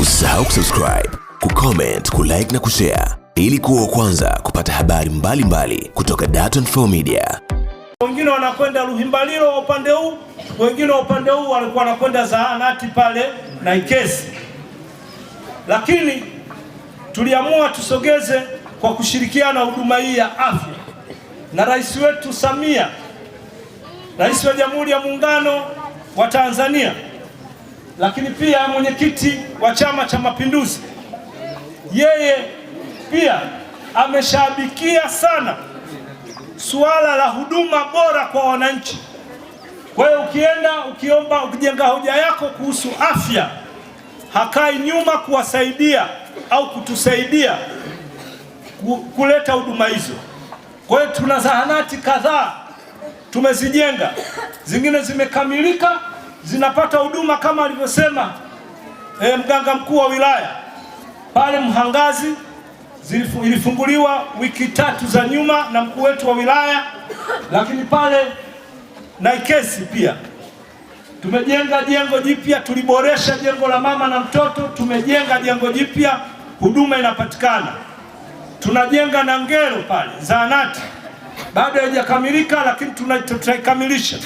Usisahau kusubscribe, kucomment, kulike na kushare ili kuwa kwanza kupata habari mbalimbali mbali kutoka Dar24 Media. Wengine wanakwenda Ruhimbalilo wa upande huu, wengine wa upande huu walikuwa wanakwenda zahanati pale na Ikesi, lakini tuliamua tusogeze kwa kushirikiana huduma hii ya afya na rais wetu Samia, rais wa Jamhuri ya Muungano wa Tanzania lakini pia mwenyekiti wa Chama cha Mapinduzi, yeye pia ameshabikia sana suala la huduma bora kwa wananchi. Kwa hiyo ukienda ukiomba, ukijenga hoja yako kuhusu afya, hakai nyuma kuwasaidia au kutusaidia kuleta huduma hizo. Kwa hiyo tuna zahanati kadhaa tumezijenga, zingine zimekamilika zinapata huduma kama alivyosema e, mganga mkuu wa wilaya pale Mhangazi zilifu, ilifunguliwa wiki tatu za nyuma na mkuu wetu wa wilaya, lakini pale Naikesi pia tumejenga jengo jipya, tuliboresha jengo la mama na mtoto, tumejenga jengo jipya, huduma inapatikana. Tunajenga na ngero pale zahanati, bado haijakamilika, lakini tunaikamilisha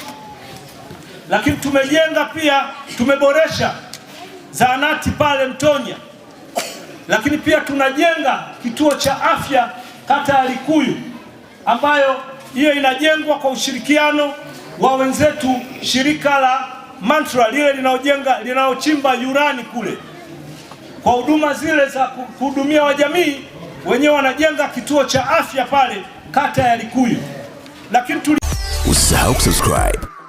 lakini tumejenga pia, tumeboresha zahanati pale Mtonya, lakini pia tunajenga kituo cha afya kata ya Likuyu ambayo hiyo inajengwa kwa ushirikiano wa wenzetu shirika la Mantra lile linaojenga linalochimba yurani kule kwa huduma zile za kuhudumia wajamii, wenyewe wanajenga kituo cha afya pale kata ya Likuyu, lakini tuli... usisahau kusubscribe